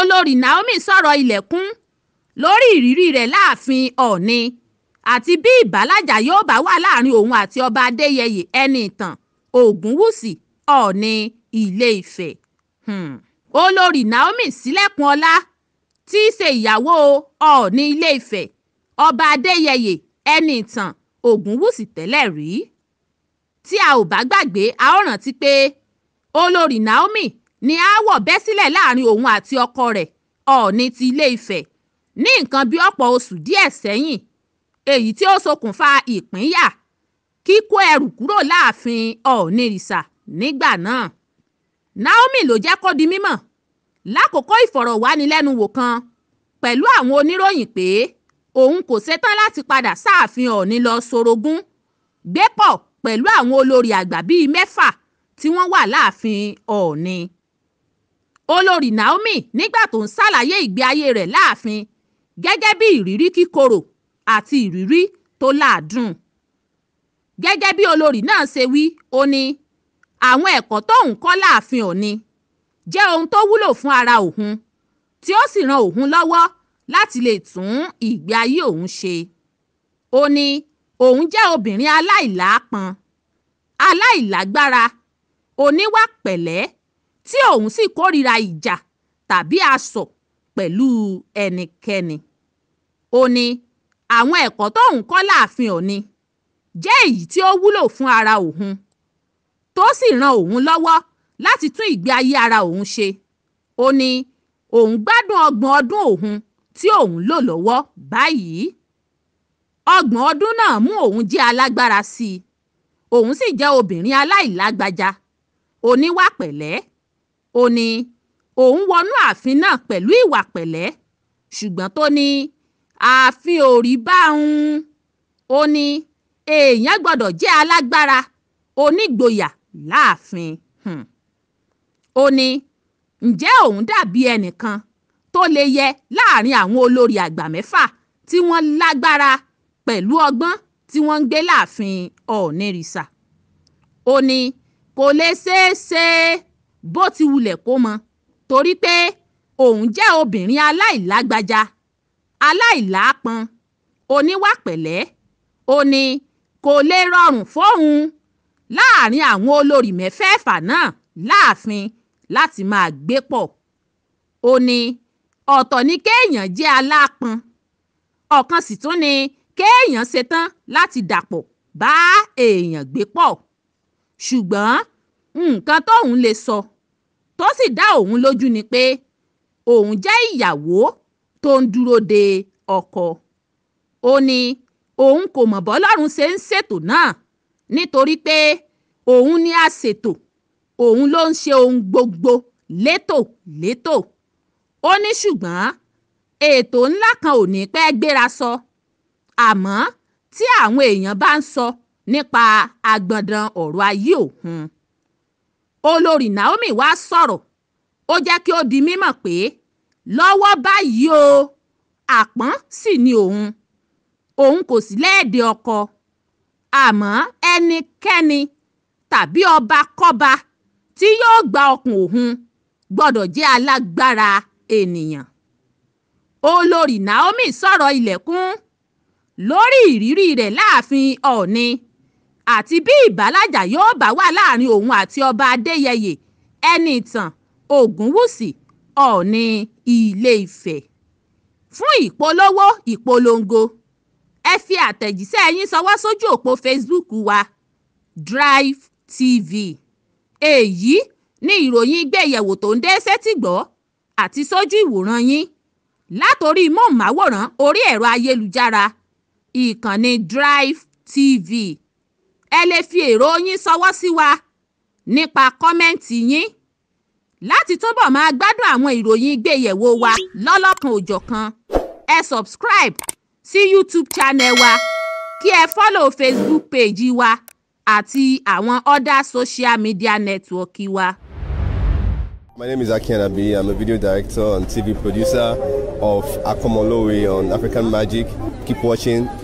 olórí naomi sọ̀rọ̀ ilẹ̀kùn lórí ìrírí rẹ̀ láàfin ọ̀ọ̀ni àti bí ìbálàjà yóò bá wà láàrin òun àti ọba adéyẹyè ẹni ìtàn ògúnwùsì ọ̀ọ̀ni ilé ifẹ̀ hmm. olórí naomi sílẹ̀kùn ọlá tí í ṣe ìyàwó ọ̀ọ̀ni ilé ifẹ̀ ọba adéyẹyè ẹni ìtàn ògúnwùsì tẹ́lẹ̀ rí tí a ò bá gbàgbé a ó rántí pé olórí naomi ni aáwọ̀ bẹ́ sílẹ̀ láàrin òun àti ọkọ rẹ̀ ọ̀ọ̀ni ti ilé-ifẹ̀ ní nǹkan bíi ọ̀pọ̀ oṣù díẹ̀ sẹ́yìn èyí tí ó ṣokùnfà ìpínyà kíkó ẹrù kúrò láàfin ọ̀ọ̀nìrìṣà nígbà náà Naomi ló jẹ́ kó di mímọ̀ lákòókò ìfọ̀rọ̀wánilẹ́nuwò kan pẹ̀lú àwọn oníròyìn pé òun kò ṣetán láti padà sáàfin ọ̀ọ̀ni lọ sorogún gbépọ̀ pẹ̀lú àwọn olórí àgbà bíi mẹ́fà tí wọ́n wà láàfin ọ̀ọ̀ni olórí naomi nígbà tó ń ṣàlàyé ìgbé ayé rẹ̀ láàfin gẹ́gẹ́ bí ìrírí kíkorò àti ìrírí tó láàdùn gẹ́gẹ́ bí olórí náà ṣe wí ó ní àwọn ẹ̀kọ́ tóun kọ́ láàfin òní jẹ́ ohun tó wúlò fún ara òun tí ó sì ran òun lọ́wọ́ láti lè tún ìgbé ayé òun ṣe ó ní òun jẹ́ obìnrin aláìláápọn aláìlágbára oníwà tí òun sì kórìíra ìjà tàbí asọ̀ pẹ̀lú ẹnikẹ́ni. ó ní àwọn ẹ̀kọ́ tóun kọ́ láàfin òní jẹ́ èyí tí ó wúlò fún ara òun tó sì ran òun lọ́wọ́ láti tún ìgbé ayé ara òun ṣe ó ní òun gbádùn ọgbọ̀n ọdún òun tí òun lò lọ́wọ́ báyìí ọgbọ̀n ọdún náà mú òun jẹ́ alágbára sí i òun sì jẹ́ obìnrin aláìlágbájá oníwà pẹ̀lẹ́ ó ní òun wọnú ààfin náà pẹ̀lú ìwà pẹ̀lẹ́ ṣùgbọ́n tó ní ààfin ò rí báun ó ní èèyàn gbọ́dọ̀ jẹ́ alágbára onígboyà láàfin hmm. ó ní ǹjẹ́ òun dàbí ẹnìkan tó lè yẹ láàrin àwọn olórí àgbà mẹ́fà tí wọ́n lágbára pẹ̀lú ọgbọ́n tí wọ́n ń gbé láàfin ọ̀ọ́nìrìsà ó ní kò lè ṣeé ṣe bó ti wulẹ̀ kó mọ torí pé òun jẹ́ obìnrin aláìlágbájá aláìláápọn oníwà pẹ̀lẹ́ ó ní kò lè rọrùn fóun láàrin àwọn olórí mẹ́fẹ̀ẹ̀fà náà láàfin láti máa gbé pọ̀ ó ní ọ̀tọ̀ ni kéèyàn jẹ́ aláápọn ọ̀kan sì tún ni kéèyàn ṣetán láti dàpọ̀ bá èèyàn gbé pọ̀ ṣùgbọ́n nǹkan tóun lè sọ tó sì dá òun lójú ni pé òun jẹ́ ìyàwó tó ń dúró de ọkọ ó ní òun kò mọ̀ bọ́lọ́run ṣe ń ṣètò náà nítorí pé òun ni aṣètò òun ló ń ṣe ohun gbogbo létòlétò ó ní ṣùgbọ́n ètò ńlá kan ò ní pẹ́ gbéra sọ àmọ́ tí àwọn èèyàn bá ń sọ nípa agbọ̀ndàn ọ̀rọ̀ ayé òun olórí naomi wá sọ̀rọ̀ ó jẹ́ kí ó di mímọ̀ pé lọ́wọ́ báyìí o àpọ́n sì ni òun òun kò sí lẹ́ẹ̀dẹ̀ ọkọ àmọ́ ẹnikẹ́ni tàbí ọba kọ́ba tí yóò gba ọkàn òun gbọ́dọ̀ jẹ́ alágbára ènìyàn olórí naomi sọ̀rọ̀ ilẹ̀kùn lórí ìrírí rẹ̀ láàfin ọ̀ọ̀ni àti bí ìbálàjà yóò bá wà láàrin òun àti ọba adéyẹyẹ ẹni ìtàn ògúnwúsì ọ̀ọ̀ni ilé-ifẹ̀ fún ìpolówó ìpolongo ẹ fi àtẹ̀jíṣẹ́ yín ṣọwọ́ sójú òpó facebook wa drive tv èyí ni ìròyìn gbéyẹ̀wò tó ń dé sétígbọ́ àti sójú ìwòran yín látòrí móhùnmáwòrán orí ẹ̀rọ ayélujára ìkànnì drive tv ẹ lè fi èrò yín ṣọwọ́ sí wa nípa kọ́mẹ́ǹtì yín láti túbọ̀ máa gbádùn àwọn ìròyìn ìgbéyẹ̀wò wa lọ́lọ́kan òjọ̀kan ẹ subscribe sí YouTube channel wa kí ẹ follow Facebook page wa àti àwọn other social media network wa. My name is Aki Anabi. I'm a video director and TV producer of Akomolowe on African Magic. Keep watching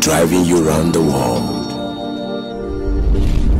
driving you around the world.